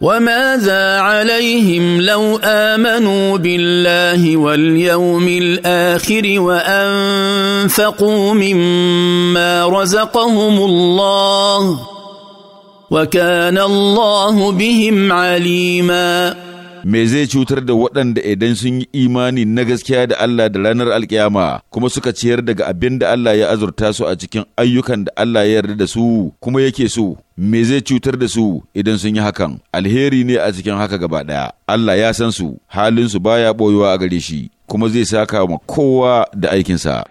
وماذا عليهم لو امنوا بالله واليوم الاخر وانفقوا مما رزقهم الله وكان الله بهم عليما me zai cutar da waɗanda idan sun yi imani na gaskiya da Allah da ranar alkiyama kuma suka ciyar daga abin da Allah ya azurta su a cikin ayyukan da Allah ya yarda da su kuma yake so me zai cutar da su idan sun yi hakan alheri ne a cikin haka gaba ɗaya Allah ya san su halin su baya boyuwa a gare shi kuma zai saka ma kowa da aikinsa